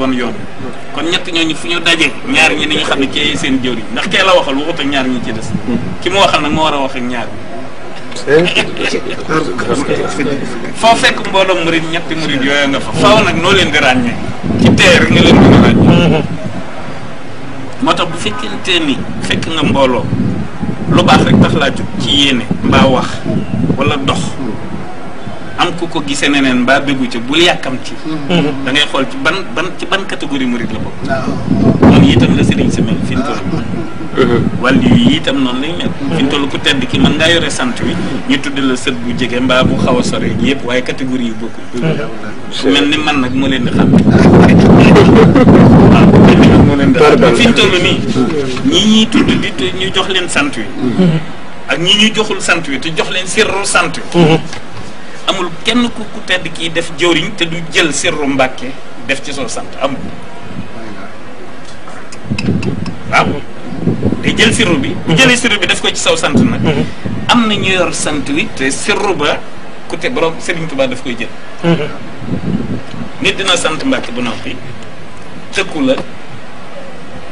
won yoon kon ñet ñooñu fu ñu daje ñaar ñi ni nga xamni ci seen jëwri ndax kee la waxal waxut ak ñaar ñi ci dess ki mo waxal nak mo wara wax ak ñaar eh? fa fekk mbolo murid ñetti murid yoy nga fa faaw nak no leen di ràññee ci teer nga leen di ràññee moo tax bu fekkente ni fekk nga mbolo lu baax rek tax la jug ci yene ba wax wala dox am ku ko gisee nenen ba bégu ci bul ci hmm. da ngay xol ci ban ban ci ban catégorie mourid la bokk noonu itam la sëriñ si mel fi ñu wal wàll yi itam non lay mel fi ñu toll ku tedd ki man nga yore sante wi ñu tudd la sët bu jege mba bu xawa a sore yëpp waaye catégorie yu bokku ku mel man nak mo leen di xam waaw moo leen di fi ñu toll nii ñi ñuy tudd di ñu jox leen sante wi uh-huh. ak ñi ñu joxul sante wi te jox leen sirru sante amul kenn ku ku tedd kii def jëwriñ te du jël sirru mbàkke def ci soo sant am waaw te jël sirru bi bu jëlee sirru bi def ko ci saw sant nag mhm. am na ñu yor sant wi te sirru ba ku te borom Sëriñ Tuubaa daf koy jël mhm. nit dina sant mbàkke ba noppi tëkku la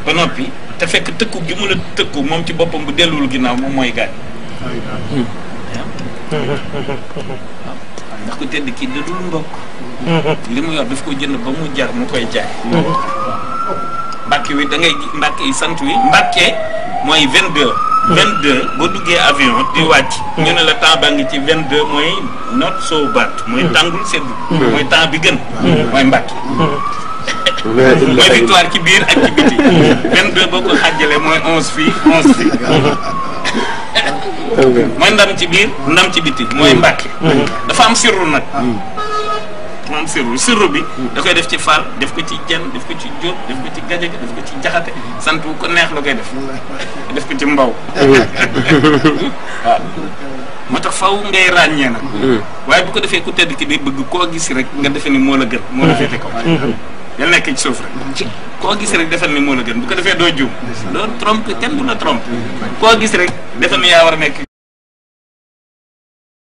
ba noppi te fekk tëkku gi mu la tëkku moom ci boppam bu delluwul ginnaaw moom mooy gaañ mhm. waaw ndax ku tedd kii da dul mbokk li mu yor daf ko jënd ba mu jar mu koy jaay mbàkke wi dangay ngay mbàkke yi sant wi mbàkke mooy vingt deux vingt deux boo duggee avion di wàcc ñu ne la temps baa ngi ci vingt deux mooy not so bad mooy tàngul sedd mooy temps bi gën mooy mbàkke mooy victoire ci biir ak ci biti vingt deux boo ko xàjjale mooy onze fii onze fii mooy ndam ci biir ndam ci biti mooy mm. mbàkke mm. Mm. dafa am sirru nag dafa am sirru sirru bi da koy def ci faal def ko ci jenn def ko ci jóob def ko ci gajaga def ko ci jaxate sant ko neex la koy def def ko ci mbaw waaw moo tax faw ngay ràññee nag waaye bu ko defee ku tedd ki day bëgg koo gis rek nga defe ni moo la gën moo la féete ko yal nekk ci suuf rek koo gis rek defal ni moo la gën bu ko defee doo juum loolu trompe kenn du la trompe koo gis rek defe ni yaa war a nekk